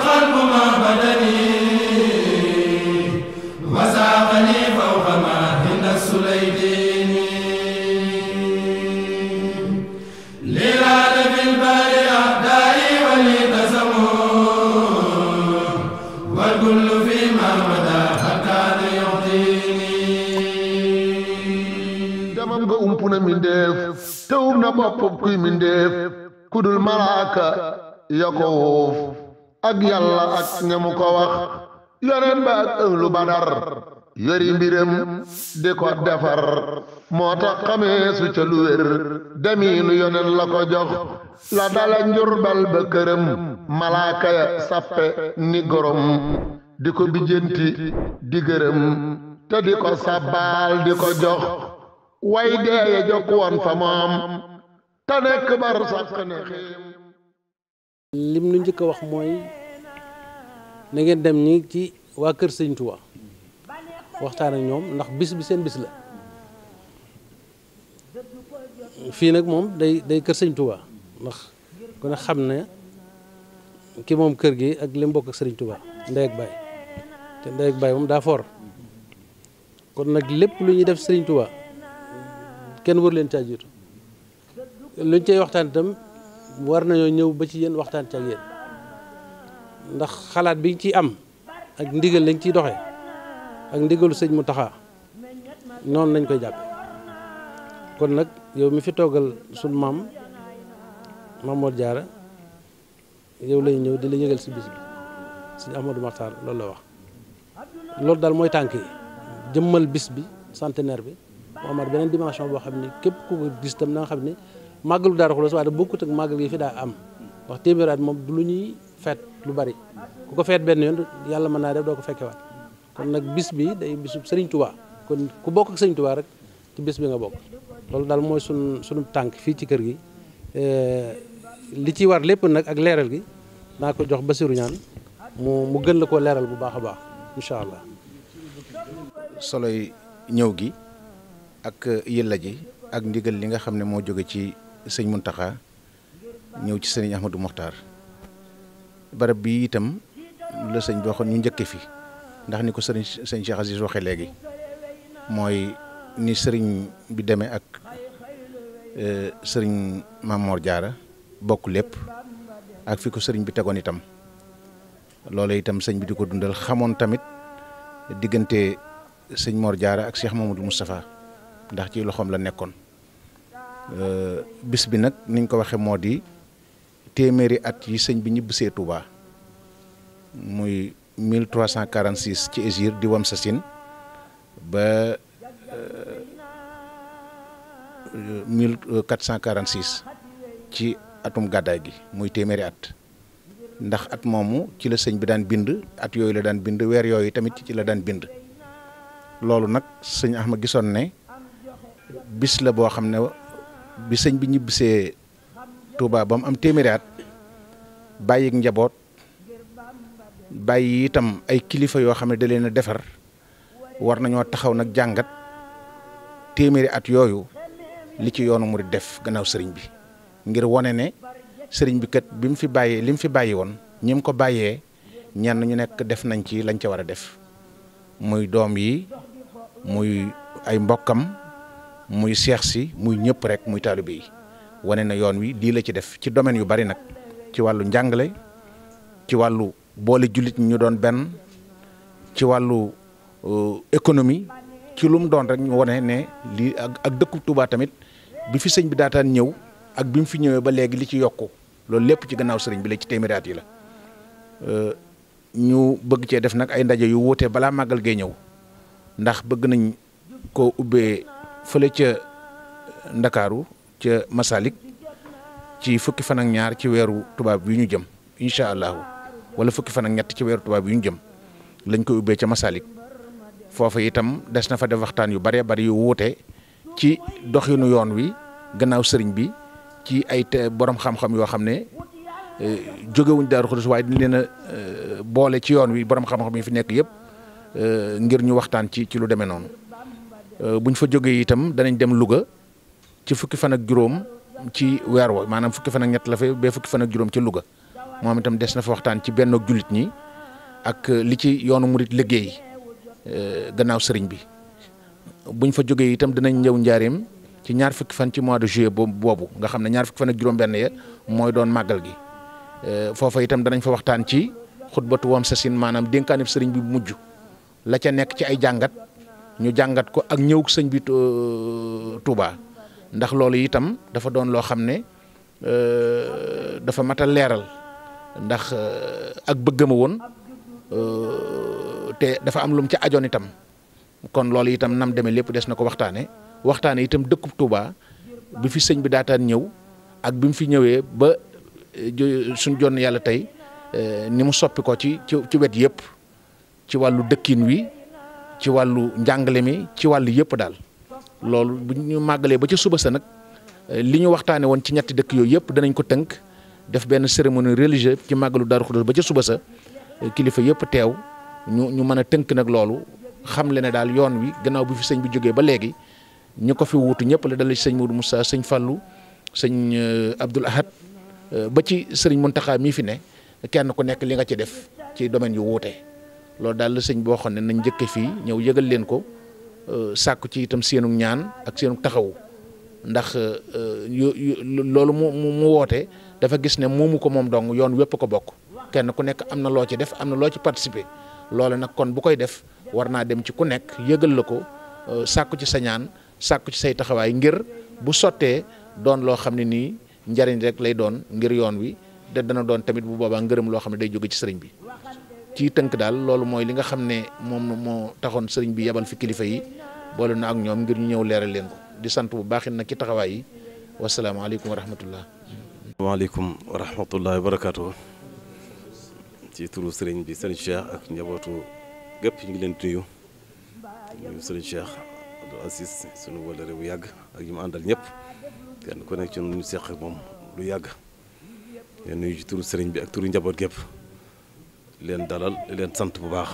الخلق ما بدني وساقني فوق ما هند السليدين لراد في البال أعدائي ولي قسم والكل فيما مدى حتى يعطيني دمم ga umpuna من def tew na boppam من min def kudul يا ya ak yàlla ak ñamu ko wax yoneen ba ak ënglu badar yori mbiram di ko defar moo tax xamee su demiinu yoneen la ko jox la dala njurbal ba këram malaaka ya sappe ni gorom di ko bijjanti di te di ko sabbaal di ko jox way deeye jokk fa moom te nekk bar sàq ne lim lu njëkk wax mooy na ngeen dem nii ci waa Kër Sëñ Touba waxtaan ak ñoom ndax bis bi seen bis la fii nag moom day day Kër Sëñ Touba ndax ku ne xam ne ki moom kër gi ak li mu bokk ak Sëriñ Touba ndey ak baay te ndey ak baay moom daa foor kon nag lépp lu ñuy def Sëriñ Touba kenn wër leen caa jiitu luñ cay waxtaan itam. war nañoo ñëw ba ci yéen waxtaan ci ak yéen ndax xalaat biñ ciy am ak ndigal lañ ciy doxee ak ndigalu sëñ mu taxaa noonu lañ koy jàpp kon nag yow mi fi toogal suñ maam Mamour jaara yow lay ñëw di la yëgal si bis bi sëñ Ahmadou Makhtar loolu la wax loolu daal mooy tànk yi jëmmal bis bi centenaire bi mu amaat beneen dimension boo xam ne képp ku ko gis tam na xam ni magal dara xolos wa da bokkut ak magal yi fi da am wax téeméer mom du lu ñuy feet lu bari ku ko fet ben yoon yalla def do ko fekke wat kon nag bis bi day bisub serigne Touba kon ku bokk ak serigne Touba rek ci bis bi nga bokk lolou dal moy sun sunu tank fi ci kër gi eh, li ci war lepp nag ak leral gi da ko jox basirou ñaan mu mu gën la leral bu baaxa baax inshallah allah soloy ñëw gi ak yella ji ak ndigal li nga xamne mo joge ci sëñ Muntaxa ñëw ci sëriñ Ahmadou Mokhtar barab bi itam la sëñ bi waxoon ñu njëkke fi ndax ni ko sëriñ sëñ Cheikh Aziz waxee léegi mooy ni sëriñ bi demee ak e, sëriñ Mamor Diarra bokk lépp ak fi ko sëriñ bi tegoon itam loolu itam sëñ bi di ko dundal xamoon tamit diggante sëñ Mor Diarra ak Cheikh Mamadou Moustapha ndax ci loxoom la nekkoon Euh, bis bi nak niñ ko waxe modi téméré at yi sëñ bi ñibbisee Touba muy 1346 ci Égir di wam sasin ba 1446 euh, ci atum gàddaay gi muy téméré at ndax at momu ci la sëñ bi daan bind at yoy la daan bind weer yoy tamit ci la daan bind lolu nak sëñ Axma gisoon ne bis la bo xamne bi sëñ bi ñibbisee Touba ba mu am téeméeri at bàyyi njaboot bàyyi itam ay kilifa yoo xam ne da leen defar war nañoo taxaw nag jàngat téeméeri at yooyu li ci yoonu murid def gannaaw sëriñ bi ngir wane ne sëriñ bi kat bi mu fi bàyyee li mu fi bàyyi woon ñi ko bàyyee ñenn ñu nekk def nañ ci lañ ca war a def muy doom yi muy ay mbokkam muy seex si muy ñëpp rek muy taalibe yi wane na yoon wi lii la ci def ci domaine yu bari nag ci wàllu njàngale ci wàllu boole jullit ñu doon benn ci wàllu euh, économie ci lum doon rek ñu wane ne lii ak ak dëkku Touba tamit bi fi sëñ bi daataan ñëw ak bi mu fi ñëwee ba léegi li ci yokku loolu lépp ci gannaaw sëriñ bi la ci téeméeri yi la euh, ñu bëgg cee def nag ay ndaje yu wuute balaa màggal gay ñëw ndax bëgg nañ ko ubbee. fële ca ndakaaru ca Masalik ci fukki fan ak ñaar ci weeru tubaab yi ñu jëm incha allahu wala fukki fanag ñett ci weeru tubaab yu ñu jëm lañ koy ubbee ca Masalik foofu itam des na fa def waxtaan yu bëree bëri yu wuute ci doxinu yoon wi gannaaw sëriñ bi ci ay borom xam-xam yoo xam ne eh, jógewuñ Daaru Xudus waaye dañ leen a eh, boole ci yoon wi borom xam-xam yi fi nekk yëpp eh, ngir ñu waxtaan ci ci lu demee noonu. Euh, buñ fa jógee itam danañ dem Louga ci fukki fan ak juróom ci weer maanaam fukki fan ak ñett la fa ba fukki fan ak juróom ci Louga moom itam des na fa waxtaan ci benn jullit ñi ak euh, li ci yoonu murit liggéey euh, gannaaw sëriñ bi buñ fa jógee itam danañ ñëw njaareem ci ñaar fukki fan mois de juillet boobu nga xam ne ñaar fukki fan ak juróom-benn ya mooy doon màggal gi foofa itam danañ fa waxtaan ci xutbatu wam sa sin maanaam dénkaanib sëriñ bi mujj la ca nekk ci ay jàngat. ñu jangat ko ak ñëw señ bi euh, Touba ndax loolu itam dafa doon loo xam ne euh, dafa mata leral ndax euh, ak bëggama woon te dafa am lu mu ajoon itam kon loolu itam nam deme lépp des na ko waxtaane waxtaane itam dëkkub Touba bi fi señ bi daataan ñew ak bi mu fi ñëwee ba suñ jonn yàlla tey ni mu soppi ko ci ci wet yépp ci walu dëkkin wi ci wàllu njàngale mi ci wàllu yëpp daal loolu bu ñu màggalee ba ca suba sa nag eh, li ñu waxtaanee woon ci ñetti dëkk yooyu yëpp danañ ko tënk def benn cérémonie religieuse ci màggalu Daaru Xudoos ba ca suba sa eh, kilifa yëpp teew ñu ñu mën a tënk nag loolu xam le ne daal yoon wi gannaaw bi fi sëñ bu jógee ba léegi ñu ko fi wuutu ñëpp la dala ci sëñ Modou Moussa sëñ Fallou sëñ eh, Abdoul Ahad ba ci sëriñ Mountakha mii fi ne kenn ku nekk li nga ci def ci domaine yu wuute. loolu daal la sëñ boo xam ne nañ njëkke fii ñëw yëgal leen ko euh, sàkku ci itam seenu ñaan ak seenu taxawu ndax euh, loolu mu mu woote dafa gis ne moomu ko moom dong yoon wépp ko bokk kenn ku nekk am na loo ci def am na loo ci participer loole nag kon bu koy def war naa dem ci ku nekk yëgal la ko euh, sàkku ci sa ñaan sàkku ci say taxawaay ngir bu sottee doon loo xam ne nii njariñ rek lay doon ngir yoon wi te dana doon tamit bu boobaa ngërëm loo xam ne day jóg ci sëriñ bi ci tënk daal loolu mooy li nga xam ne moom moo taxoon sëriñ bi yabal fi kilifa yi boole na ak ñoom ngir ñu ñëw leeral leen ko di sant bu baax it nag ci taxawaay yi wasalaamaaleykum wa rahmatullah. waaleykum wa ci turu sëriñ bi sëriñ Cheikh ak njabootu gépp ñu leen di nuyu nuyu sëriñ Cheikh Abdou Aziz sunu wëllare bu yàgg ak ñu mu àndal ñëpp kenn ku nekk ci ñu seq moom lu yàgg leen nuyu ci turu sëriñ bi ak turu njaboot gépp leen dalal leen sant bu baax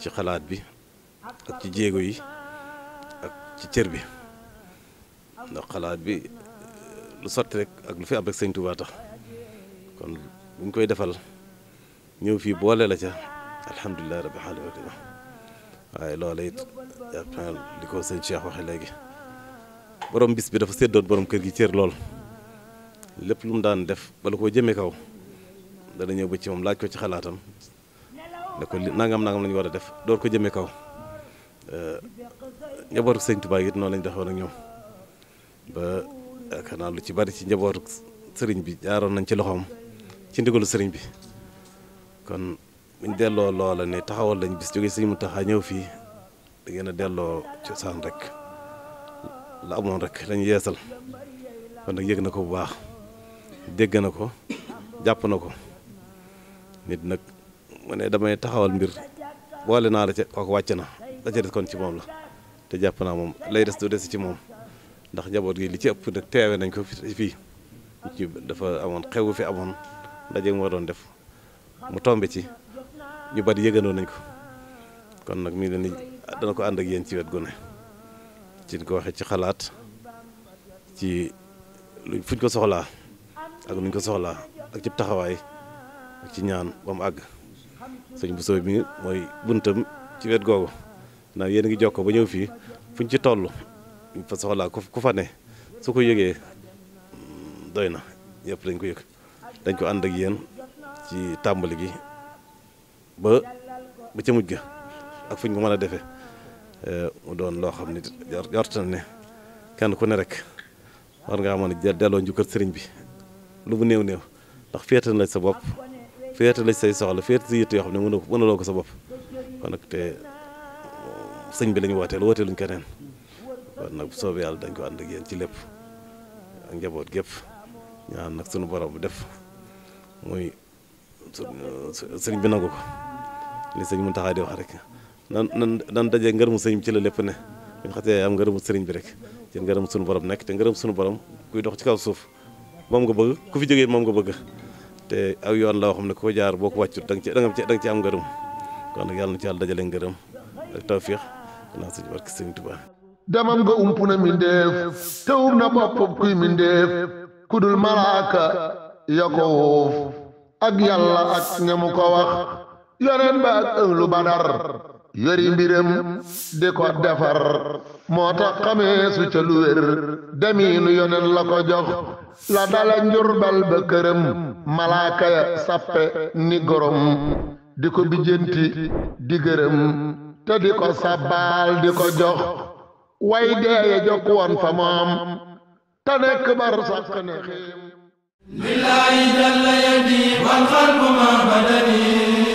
ci xalaat bi ak ci jéego yi ak ci cër bi ndax xalaat bi lu sotti rek ak lu fi am rek sëñ Tuubaa tax kon buñ koy defal ñëw fii boole la ca alhamdulilah rabbil alamin waaye loola it yaakaar li ko sëñ Cheikh waxe léegi borom bis bi dafa séddoon borom kër gi cër lool lépp lu mu daan def bala koo jëmee kaw. dana ñëw ba ci moom laaj ko ci xalaatam ne ko nangam nangam lañu ñu war a def door ko jëmee kaw eh, njabootu sëñ Tuubaa it noonu la ñu doxoon ak ñoom ba yaakaar lu ci bari ci njabootu sëriñ bi jaaroon nañ ci loxoom ci ndigalu sëriñ bi kon buñ delloo loola ne taxawal lañ bis jógee sëñ Muntaxa ñëw fii da ngeen a delloo cosaan rek laamoon rek lañ yeesal kon nag yëg na ko bu baax dégg na ko jàpp na ko nit nag mu ne damay taxawal mbir boole naa la ca kooku wàcc na la ca des kon ci moom la te jàpp naa moom lay des du des ci moom ndax njaboot gi li ci ëpp nag teewe nañ ko fii ci dafa amoon xewu fi amoon ndaje moo doon def mu tombe ci ñu bari yëgandoo nañ ko kon nag mi ngi leen dana ko ànd ak yéen ci wet gone ci ci ko waxee ci xalaat ci luñ fuñ ko soxlaa ak nuñ ko soxlaa ak ci taxawaay ci ñaan ba mu àgg sëñ bu sooy bi mooy buntam ci wet googu ndax yéen a ngi jokkoo ba ñëw fii fuñ ci toll fa soxlaa ku fa ne su ko yëgee mm, doy na yëpp dañ ko yëg dañ ko ànd ak yéen ci tàmbali gi ba ba ca mujj ga ak fuñ ko mën a defee eh, mu doon loo xam ne jort na ne kenn ku ne rek war ngaa mën a delloo njukkal sëriñ bi lu mu néew néew ndax féetal na sa bopp féete la say soxla feet si yitt yoo xam ne mënoo mënaloo ko sa bopp kon nag te sëñ bi la ñu wooteel wooteeluñ keneen kon nag bu dañ ko ànd ak ci lépp ak njaboot gépp ñaan nag sunu borom def muy sëñ bi nangu ko li sëñ Mountakha di wax rek nan nan nan dajee ngërëmu sëñ bi ci la lépp ne buñ xasee am ngërëmu sëriñ bi rek ci ngërëm sunu borom nekk te ngërëm sunu borom kuy dox ci kaw suuf moom nga bëgg ku fi jógee moom nga bëgg te aw yoon la woo xam ne ko jaar boo ko wàccut da nga ci da nga ngërëm kon nag yàlla na ci yàlla dajale ngërëm ak tawfiix dinaa suñu barke sëñ Tuubaa demam nga umpuna mindeef te um na boppam kuy mindeef ku dul malaaka ya ko wóof ak yàlla ak ña ko wax yoneen ba ak ënglu badar yori mbiram di ko defar moo tax xamee su ca lu wér demiinu yoneen la ko jox la dala njurbal ba këram malaaka ya sappe ni gorom di ko bijjanti di gërëm te di ko sabbaal di ko jox way deeye jokk woon fa moom te nekk bar sax ne xiim billaahi jalla yadi wal xalbu ma badani